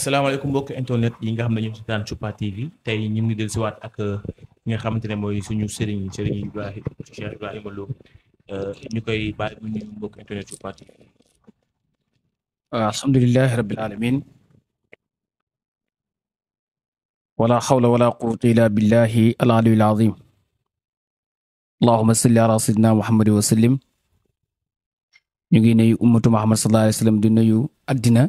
asalaamaaleykum mbokk internet yi nga xam ne ñu ngi si daan Chupa TV tey ñu ngi del siwaat ak nga xamante ne mooy suñu sëriñ sëriñ Ibrahima Cheikh Ibrahima Lo euh, ñu koy bàyyi mu TV alhamdulilahi rabbil alamin wala xawla wala quwwata illa billahi al aliyil azim allahuma salli ala sayyidina ñu ngi nuyu ummatu muhammad sallallahu alayhi wa sallam di nuyu addina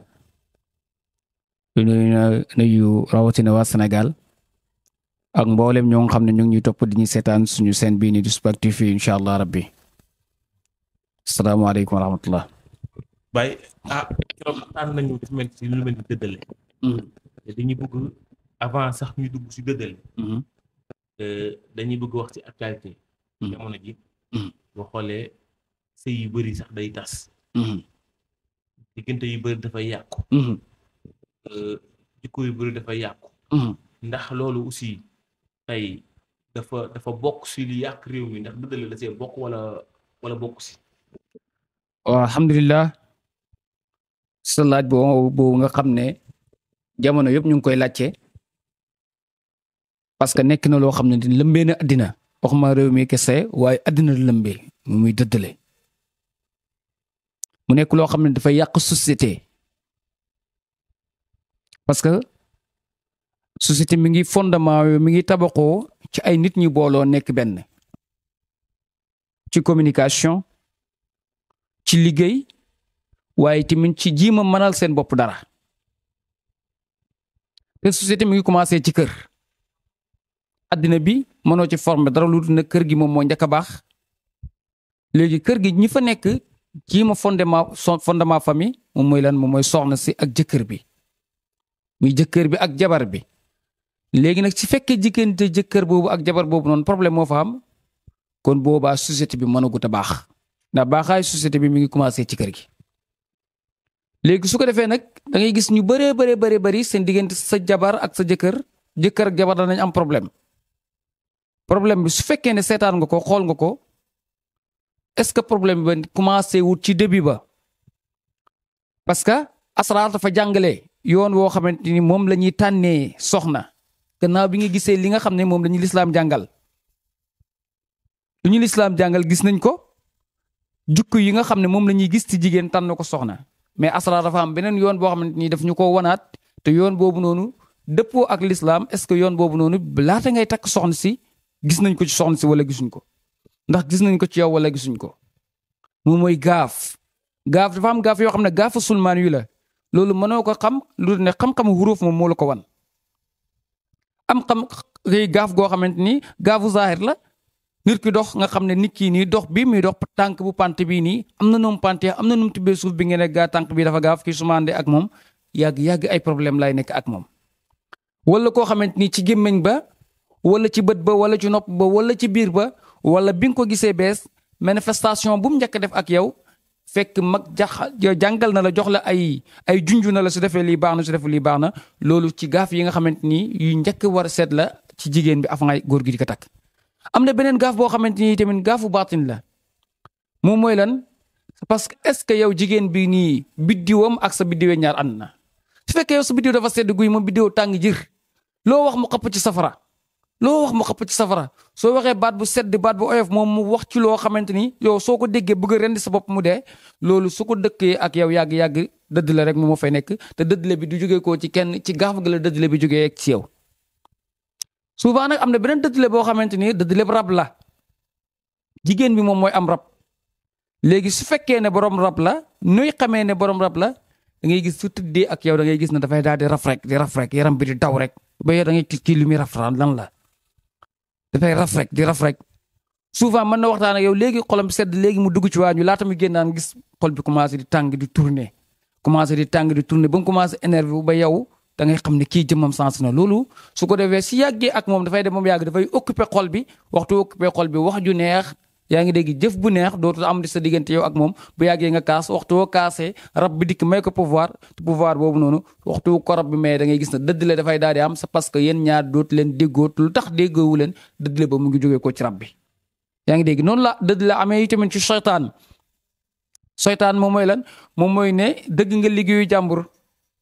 du nuyu nuyu rawatina waa Sénégal ak mboolem ñoo xam ne ñu ngi ñuy topp di ñu seetaan suñu seen bii nii di Shupa TV incha allah rabbi salaamaaleykum wa rahmatullah. Baye ah keroog waxtaan nañu si lu mel ni hmm. dañuy bëgg avant sax ñuy dugg si dëddale. Hmm. dañuy bëgg wax ci actualité. Hmm. jamono ji. yu bari sax day tas. diggante yu bëri dafay yàqu. Euh, jikko yu bëri dafa yàqu mm-hmm. ndax loolu aussi tey dafa dafa bokk si li yàq réew mi ndax dëddale la see bokk wala wala bokk si waaw alhamdulilah sa laaj boobu nga xam ne jamono yëpp ñu ngi koy laajte parce que nekk na loo xam ne di lëmbee na àddina ma réew mi kese waaye àddina di lëmbee mu muy dëddale mu nekk loo xam ne dafa yàq société parce que société mi ngi fondement mi ngi tabaxoo ci ay nit ñi booloo nekk benn ci communication ci liggéey waaye tamit ci jiima mënal seen bopp dara te société mi ngi commencé ci kër addina bi mënoo ci forme dara lu dul na kër gi moom mooy njëkk a baax léegi kër gi ñi fa nekk jiima fondement fondement famille moom mooy lan moom mooy soxna si ak jëkkër bi muy jëkkër bi ak jabar bi léegi nag ci fekkee jëkkante jëkkër boobu ak jabar boobu noonu problème moo fa am kon boobaa société bi mënagut a baax ndax baaxaay société bi mi ngi commencé ci kër gi. léegi su ko defee nag da ngay gis ñu bëree bëree bëree bëri seen diggante sa jabar ak sa jëkkër jëkkër ak jabar danañ am problème problème bi su fekkee ne seetaan nga ko xool nga ko est-ce que problème bi ba commencé wut ci début ba parce que asraar dafa jàngalee yoon woo xamante ni moom la ñuy tànnee soxna gannaaw bi nga gisee li nga xam ne moom lañuy ñuy lislaam jàngal lu ñu lislaam jàngal gis nañ ko jukk yi nga xam ne moom la ñuy gis ci jigéen tànn ko soxna mais asra dafa am beneen yoon boo xamante ni daf ñu ko wanaat te yoon boobu noonu dëppoo ak lislaam est-ce que yoon boobu noonu laata ngay takk soxna si gis nañ ko ci soxna si wala gisuñ ko ndax gis nañ ko ci yow wala gisuñ ko moom mooy gaaf gaaf dafa gaaf yoo xam ne gaafu sulmaan yu la loolu mënoo ko xam lu ne xam-xamu xuruuf ma moo la ko wan am xam kay gaaf goo xamante ni gaafu zaahir la nit ki dox nga xam ne nit kii nii dox bi muy dox tànk bu pant bii nii am na noom pante am na noom tibbee suuf bi ngeen ne gaa tànk bi dafa gaaf kii sumaande ak moom yàgg yàgg ay problème lay nekk ak moom. walla koo xamante ni ci gémmiñ ba wala ci bët ba wala ci nopp ba wala ci biir ba wala bi nga ko gisee bees manifestation bu mu njëkk def ak yow fekk mag jax jàngal na la jox la ay ay junju na la su defee lii baax na su defee lii baax na loolu ci gaaf yi nga xamante ni yu njëkk war a seet la ci jigéen bi avant ay góor gi di ko takk. am na beneen gaaf boo xamante ni tamit gaafu baatin la moom mooy lan parce que est-ce que yow jigéen bi nii biddiwam ak sa biddiwee ñaar ànd na su fekkee yow sa biddiw dafa sedd guy moom biddiw tàng jir loo wax mu xapp ci safara. loo wax mu xëpp ci safara soo waxee baat bu sedd baat bu oyof moom mu wax ci loo xamante ni yow soo ko déggee bëgg a rendi sa bopp mu dee loolu su ko dëkkee ak yow yàgg-yàgg dëdd la rek moo fay nekk te dëddle bi du jógee ko ci kenn ci gaaf ga la bi jógee ci yow. souvent nag am na beneen dëddle boo xamante ni dëddle rab la jigéen bi moom mooy am rab léegi su fekkee ne borom rab la nuy xamee ne borom rab la da ngay gis su tëddee ak yow da ngay gis ne dafay daal di raf rek di raf rek yaram bi di daw rek ba yow da ngay kii lu muy raf lan la. dafay raf rek di raf rek souvent mën na waxtaan a yow léegi xolam sedd léegi mu dugg ci waa ñu laata muy génnaan gis xol bi commencé di tàng di tourner commencé di tàng di tourner ba mu commencé énervé ba yow dangay ngay xam ne kii jëmmam sens na loolu su ko defee si yàggee ak moom dafay dem yàgg dafay occupé xol bi waxtu occupé xol bi wax ju neex. yaa ngi dégg jëf bu neex dootul am di sa diggante yow ak moom bu yàggee nga kaas waxtu woo kaasee rab bi dikk may ko pouvoir te pouvoir boobu noonu waxtu ko rab bi may da ngay gis ne dëdd la dafay daal di am sa parce que yéen ñaar dootu leen déggoo lu tax déggoowu leen dëdd la ba mu ngi jógee ko ci rab bi. yaa ngi dégg noonu la dëdd la amee tamit ci soytaan soytaan moom mooy lan moom mooy ne dëgg nga liggéeyu jàmbur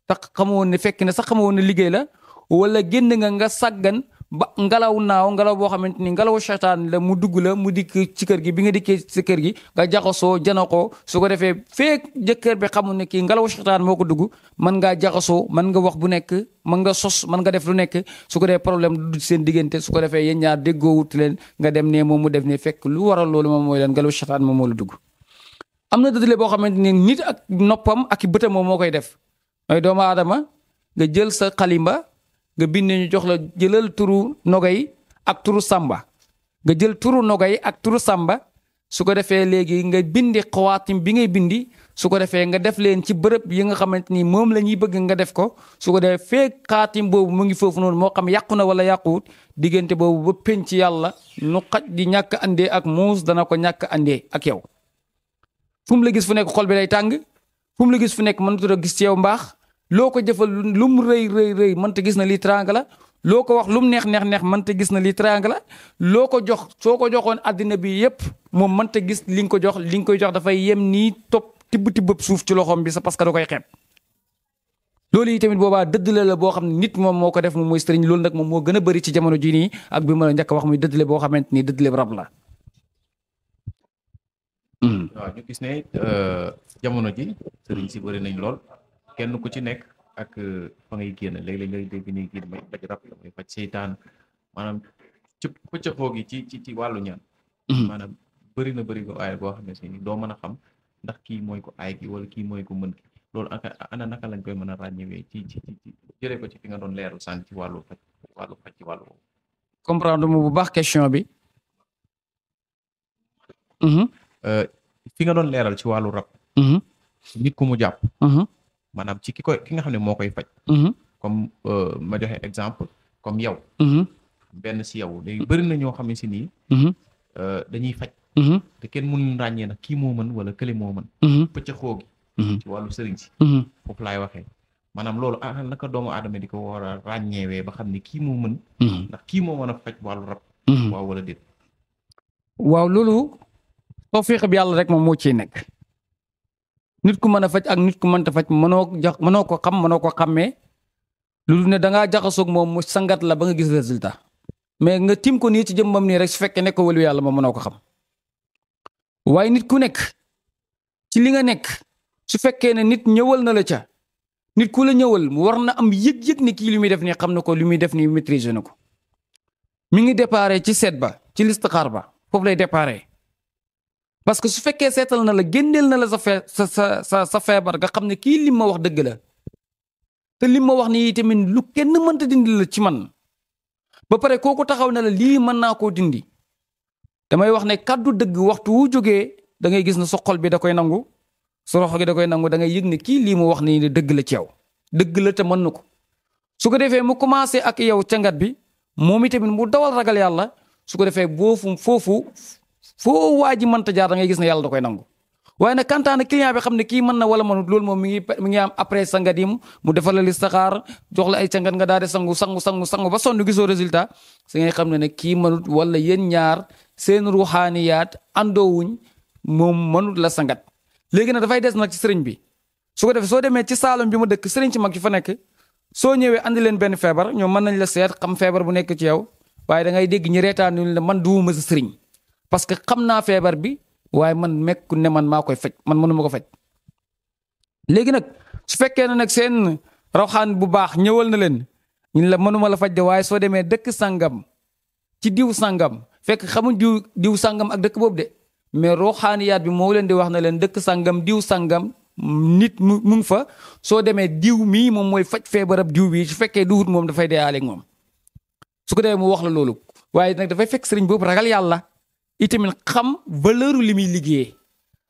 tax xamoo ne fekk na sax xamoo ne liggéey la wala génn nga nga sàggan. ba ngelaw naaw ngelaw boo xamante ni ngelawu seytaan la mu dugg la mu dikk ci kër gi bi nga dikkee ci kër gi nga jaxasoo jana ko su ko defee feek jëkkër bi xamul ne kii ngelawu seytaan moo ko dugg mën ngaa jaxasoo nga wax bu nekk mën nga sos mën nga def lu nekk su ko defee problème du diggante su ko defee yéen ñaar déggoowut leen nga dem ne moom mu def ne fekk lu waral loolu moom mooy leen ngelawu seytaan moom moo la dugg am na dëddale boo xamante ni nit ak noppam ak bëtam moom moo koy def may doomu aadama nga jël sa xalimba nga bind ñu jox la jëlal turu yi ak turu sàmba nga jël turu nogay ak turu sàmba su ko defee léegi nga bindi xawaatim bi ngay bindi su ko defee nga def leen ci bërëb yi nga xamante ni moom la ñuy bëgg nga def ko su ko defee feeg xaatim boobu mu ngi foofu noonu moo xam yàqu na wala yàquwut diggante boobu ba ci yàlla nu xaj di ñàkk andee ak muus dana ko ñàkk andee ak yow fu la gis fu nekk xol bi day tàng fu la gis fu nekk mënatu gis ci yow mbaax loo ko jëfal lu mu rëy rëy rëy mënta gis na lii teraanga la loo ko wax lu mu neex neex neex mënta gis na lii teraanga la loo ko jox soo ko joxoon àddina bi yépp moom mënta gis li nga ko jox li nga koy jox dafay yem nii topp tibb tibb suuf ci loxoom bi sa parce que da koy xeeb. loolu yi tamit boobaa dëddale la boo xam ne nit moom moo ko def moom mooy sëriñ loolu nag moom moo gën a bëri ci jamono jii nii ak bi ma la njëkk wax muy dëddale xamante ni dëddale rab la. Hmm. waaw ñu gis ne euh, jamono ji sëriñ si bëri nañ lool. kenn ku ci nekk ak euh, fa ngay génn léeg-léeg ngay dégg nii kii damay faj rab damay faj seytaan maanaam ci pëccëxoo gi ci ci ci wàllu ñaan mm-hmm. maanaam bëri na bëri ko aay boo xam ne si doo mën a xam ndax kii mooy ko ay gi wala kii mooy ko mën ki loolu a ana naka lañ koy mën a ràññewee ci ci ci jëlee ko ci fi nga doon leeral sànq ci wàllu faj ci wàllu faj ci wàllu comprendre mu bu baax question bi mm-hmm. euh, fi nga doon leeral ci wàllu rab mm-hmm. nit maanaam ci ki koy ki nga xam ne moo koy faj. Mhm. comme euh, ma xe exemple comme yow. Mhm. benn si yow léegi bëri na ñoo xam ne si nii. Mhm. Euh, dañuy faj. te kenn mënuñu ràññee nag kii moo mën wala kële moo mën. pëcc xoogi. ci wàllu sëriñ si. foofu laay waxee maanaam loolu ah naka doomu aadama di ko war a ràññeewee ba xam ne kii moo mën. ndax kii moo mën a faj wàllu rab. waaw wala déet. waaw loolu tawfiq bi yàlla rek moom moo ciy nekk. nit ku mën a faj ak nit ku mënta faj mënoo jax mënoo ko xam mënoo ko xàmmee lu dul ne da ngaa jaxasoog moom mu sangat la ba nga gis résultat mais nga tim ko nii ci jëmmam nii rek su fekkee nekk wëlu yàlla ma ko xam nit ku nekk ci li nga nekk su fekkee ne nit ñëwal na la ca nit ku la ñëwal mu war na am yëg-yëg ni kii li muy def nii xam na ko li muy def nii maîtriser na ko mu ngi déparé ci seet ba ci listaxaar ba foofu lay déparé parce que su fekkee seetal na la génneel na la sa fee sa sa sa sa feebar nga xam ne kii lim ma wax dëgg la te lim ma wax nii tamit lu kenn mënta dindi la ci man ba pare kooku taxaw na la lii mën naa koo dindi damay wax ne kàddu dëgg waxtu wu jógee da ngay gis ne sa xol bi da koy nangu sa roxo da koy nangu da ngay yëg ne kii lii mu wax nii dëgg la ci yow dëgg la te mën na ko su ko defee mu commencé ak yow cangat bi moom itamit mu dawal ragal yàlla su ko defee boofu foofu foo waa ji mënta jaar da ngay gis ne yàlla da koy nangu waaye nag kantaana client bi xam ne kii mën na wala mënut loolu moom mi ngi mi ngi am après sangat yi mu defal la listixaar jox la ay sangat nga daal di sangu sangu sangu sangu ba sonn gisoo résultat si ngay xam ne ne kii mënut wala yéen ñaar seen ruxaaniyaat àndoowuñ moom mënut la sangat léegi nag dafay des nag ci sëriñ bi su ko defee soo demee ci saalum bi mu dëkk sëriñ ci mag ci fa nekk soo ñëwee andi leen benn feebar ñoom mën nañ la seet xam feebar bu nekk ci yow waaye da ngay dégg ñi reetaan ñu la man duuma sa sëriñ parce que xam naa feebar bi waaye man mekk ne man maa koy faj man mënuma ko faj léegi nag su fekkee ne nag seen rawxaan bu baax ñëwal na leen ñu la mënuma la faj de waaye soo demee dëkk sangam ci diw sangam fekk xamuñ diw diw sangam ak dëkk boobu de mais xaan yaat bi moo leen di wax na leen dëkk sangam diw sangam nit mu mu fa soo demee diw mii moom mooy faj feebarab diw bii su fekkee duwut moom dafay deyaale ak moom su ko defee mu wax la loolu waaye nag dafay fekk sëriñ boobu ragal yàlla. itamit xam valeur li muy liggéey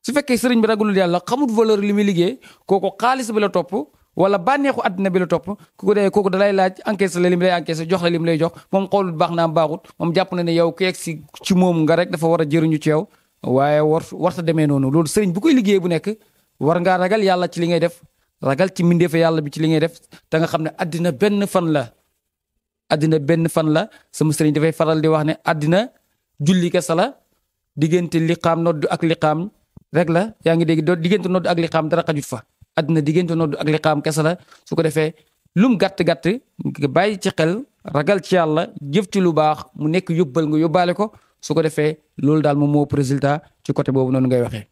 su fekkee sëriñ bi ragalul yàlla xamut valeur li muy liggéey kooku xaalis bi la topp wala bànneexu àddina bi la topp ku ko dee kooku da lay laaj encaisse la li mu lay encaisse jox la li mu lay jox moom xoolut baax naa baaxut moom jàpp na ne yow ku egsi ci moom nga rek dafa war a jëriñu ci yow waaye war su warta demee noonu loolu sëriñ bu koy liggéey bu nekk war ngaa ragal yàlla ci li ngay def ragal ci mbindeefe yàlla bi ci li ngay def te nga xam ne àddina benn fan la àddina benn fan la sama sëriñ dafay faral di wax ne àddina julli kese la diggante liqaam noddu ak liqaam rek la yaa ngi dégg diggante noddu ak liqaam dara xajut fa àddina diggante noddu ak liqaam kese la su ko defee lum gatt gàtt nga bàyyi ci xel ragal ci yàlla jëf ci lu baax mu nekk yóbbal nga yóbbaale ko su ko defee loolu daal moom moo résultat ci côté boobu noonu ngay waxee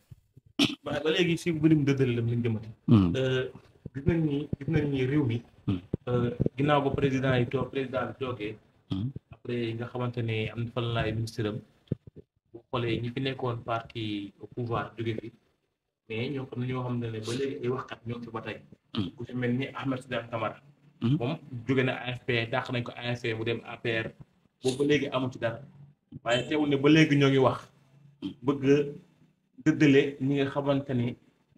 waaw ba si mbirum dëddale la lañ jëmati hmm. euh, gis nañ ni hmm. euh, ginnaaw ba président yi toog président yi nga xamante ne am na fal laay ministre am xoolee ñi fi nekkoon parti au pouvoir jóge fi mais ñoo xam ne ñoo xam ne ne ba léegi ay waxkat ñoo fi ba tey hmm. ku ci mel ni Ahmed Sidam Camara hmm. moom jóge na AFP dàq nañ ko AFP mu dem APR boobu ba léegi amu ci dara waaye teewul ne ba léegi ñoo ngi wax bëgg dëddale ñi nga xamante ne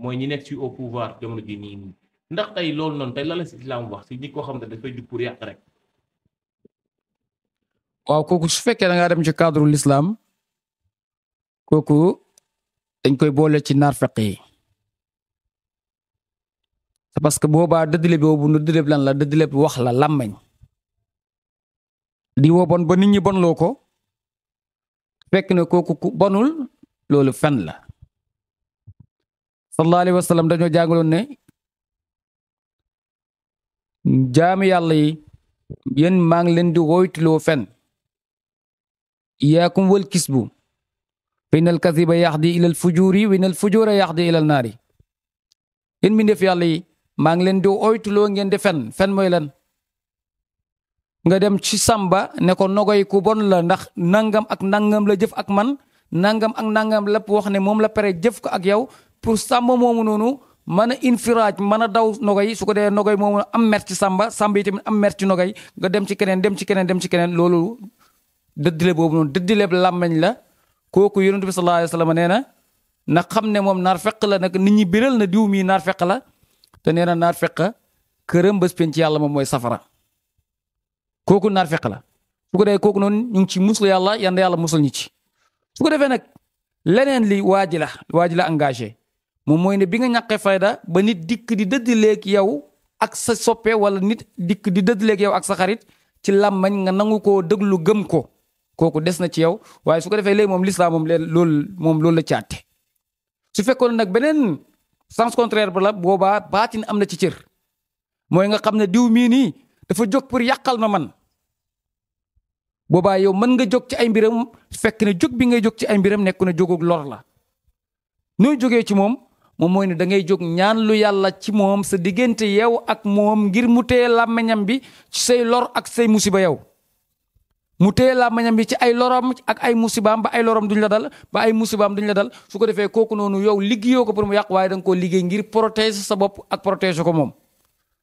mooy ñi nekk ci au pouvoir jamono ji nii nii ndax tey loolu noonu tey la la mu wax si ñi koo xam ne dafay jug pour yàq rek waaw kooku su fekkee da ngaa dem ci cadre l'islam kooku dañ koy boole ci naafeq yi parce que boobaa dëddile boobu nu dëddile lan la dëddile bi wax la làmmañ di woo bon ba nit ñi bonloo ko fekk na kooku bonul loolu fen la sallallahu alayhi wa dañoo jàngaloon ne jaami yàlla yi yéen maa ngi leen di woytuloo fen iyaakum wal kisbu fa inal kasiba yaxdi ilal fujuri wa inal fujura yaxdi ilal naari yéen mi def yàlla yi maa ngi leen di oytuloo ngeen di fen fen mooy lan nga dem ci sàmba ne ko nogoy ku bon la ndax nangam ak nangam la jëf ak man nangam ak nangam la wax ne moom la pare jëf ko ak yow pour sàmba moomu noonu mën a infiraaj mën a daw nogoy su ko dee nogoy moomu am mer ci sàmba sàmba yi tamit am mer ci nogoy nga dem ci keneen dem ci keneen dem ci keneen loolu dëddile boobu noonu dëddileb la kooku yonent bi sallallahu alayhi wa sallam nee na na xam ne moom naar feq la nag nit ñi biral na diw mii naar feq la te nee na naar feq këram bés penc yàlla moom mooy safara kooku naar feq la su ko defee kooku noonu ñu ngi ci musul yàlla yan yàlla musul ci su ko defee nag leneen li waa ji la waa la engagé moom mooy ne bi nga ñàqee fayda ba nit dikk di dëddileeg yow ak sa soppe wala nit dikk di dëddileeg yow ak sa xarit ci làmmañ nga nangu ko déglu gëm ko kooku des na ci yow waaye su ko defee léegi moom lislaam moom leen loolu moom loolu la caatte su fekkoon nag beneen sens contraire ba la boobaa baatin am na ci cër mooy nga xam ne diw mii nii dafa jóg pour yàqal ma man boobaa yow mën nga jóg ci ay mbiram fekk ne jóg bi ngay jóg ci ay mbiram nekku na jógug lor la nooy jógee ci moom moom mooy ne da ngay jóg ñaan lu yàlla ci moom sa diggante yow ak moom ngir mu téye làmmiñam bi say lor ak say musiba yow mu téye laa mañam bi ci ay loroom ak ay musibaam ba ay loroom duñ la dal ba ay musibaam duñ la dal su ko defee kooku noonu yow liggéeyoo ko pour mu yàq waaye da nga koo liggéey ngir protéger sa bopp ak protéger ko moom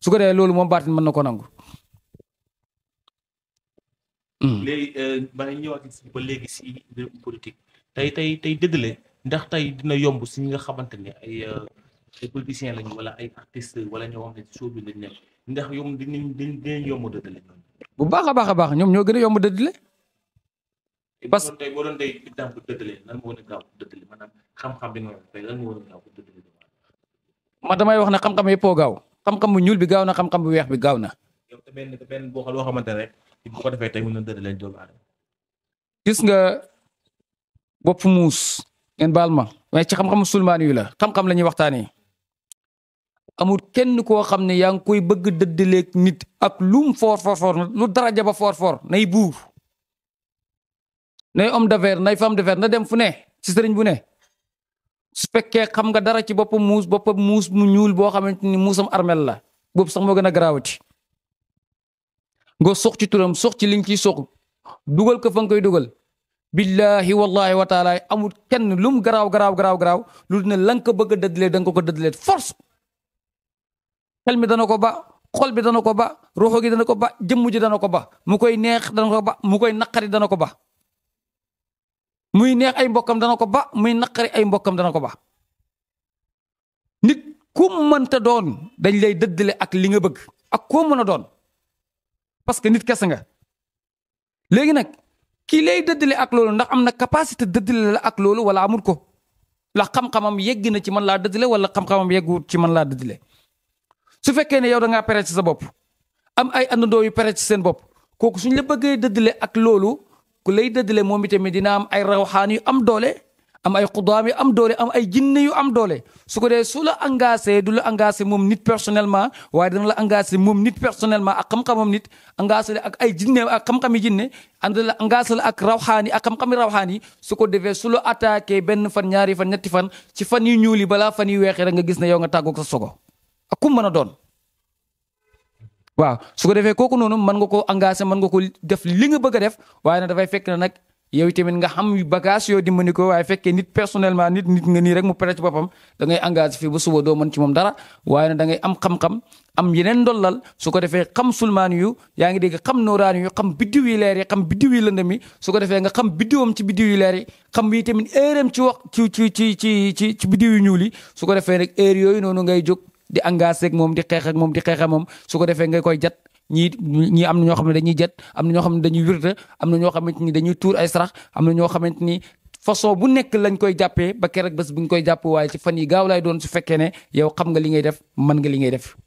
su ko defee loolu moom baatin mën na ko nangu. Hmm. léegi si euh, ba léegi si mbirum politique tey tey tey dëddale ndax tey dina yomb si ñi nga xamante ne ay euh, ay politiciens lañu wala ay artistes wala ne si suuf bi lañ nekk ndax yomb dinañ dinañ yomb bu baax a baax a baax ñoom ñoo gën a yomb dëddale. parce que tey boo doon a gaaw bu wax tey man damay wax ne xam-xam yëppoo gaaw xam-xam bu ñuul bi gaaw na xam-xam bu weex bi gaaw na. yow benn benn boo xamante ne rek bu ko defee tey mën na dëddale doomu aadama. gis nga bopp muus ngeen baal ma waaye ci xam-xam musulmaan wi la xam-xam la ñuy waxtaanee amul kenn koo xam ne yaa ngi koy bëgg dëddaleeg nit ak lum foor foor foor lu daraja ba foor foor nay buur nay homme d'affaires nay femme d'affaires na dem fu ne ci sëriñ bu ne su fekkee xam nga dara ci boppam muus boppam muus mu ñuul boo xamante ni muusam armel la boobu sax moo gën a garaawati nga sox ci turam sox ci liñ ciy sox dugal ko fa nga koy dugal billahi wallahi wa taala amul kenn lum garaaw garaaw garaaw garaaw lu ne la nga ko bëgg a dëddalee da ko ko dëddalee force xel mi dana ko ba xol bi dana ko ba ruuxu gi dana ko ba jëmm ji dana ko ba mu koy neex dana ko ba mu koy naqari dana ko ba muy neex ay mbokkam dana ko ba muy naqari ay mbokkam dana ko ba nit ku mënta doon dañ lay dëddale ak li nga bëgg ak koo mën a doon parce que nit kese nga léegi nag kii lay dëddale ak loolu ndax am na capacité dëddale la ak loolu wala amul ko la xam-xamam yegg na ci man laa dëddale wala xam-xamam yeggu ci man laa dëddale su fekkee ne yow da ngaa pere sa bopp am ay àndandoo yu pere seen bopp kooku suñ la bëggee dëddale ak loolu ku lay dëddale moom itamit dina am ay rawxaan yu am doole am ay xudaam yu am doole am ay jinne yu am doole su ko dee su la engagé du la engagé moom nit personnellement waaye dana la engagé moom nit personnellement ak xam-xamam nit engagé ak ay jinne ak xam-xami jinne ànd la engagé la ak rawxaan yi ak xam yi su ko defee su la attaqué benn fan ñaari fan ñetti fan ci fan yu ñuul yi balaa fan yu weexee rek nga gis ne yow nga tàggoog sa sogo ak ku mën a doon waaw su ko defee kooku noonu mën nga koo engagé mën nga ko def li nga bëgg a def waaye nag dafay fekk ne nag yow tamit nga xam bagage yoo dimbali ko waaye fekkee nit personnellement nit nit nga nii rek mu pare ci boppam da ngay engagé fii ba suba doo mën ci moom dara waaye nag da ngay am xam-xam am yeneen ndollal su ko defee xam sulmaan yu yaa ngi dégg xam nooraani yu xam biddiw yi leer yi xam biddiw yi lëndëm yi su ko defee nga xam biddiwam ci biddiw yi leer yi xam yi tamit heure am ci wax ci ci ci ci ci ci biddiw yu ñuul yi su ko defee nag heure yooyu noonu ngay jóg di engagé ak moom di xeex moom di xeex moom su ko defee nga koy jat ñii ñii am na ñoo xam ne dañuy jat am na ñoo xam ne dañuy wirta am na ñoo xamante ni dañuy tuur ay sarax am na ñoo xamante ni façon bu nekk lañ koy jàppee ba keroog bés bu ñu koy jàpp waaye ci fan yi gaaw laay doon su fekkee ne yow xam nga li ngay def mën nga li ngay def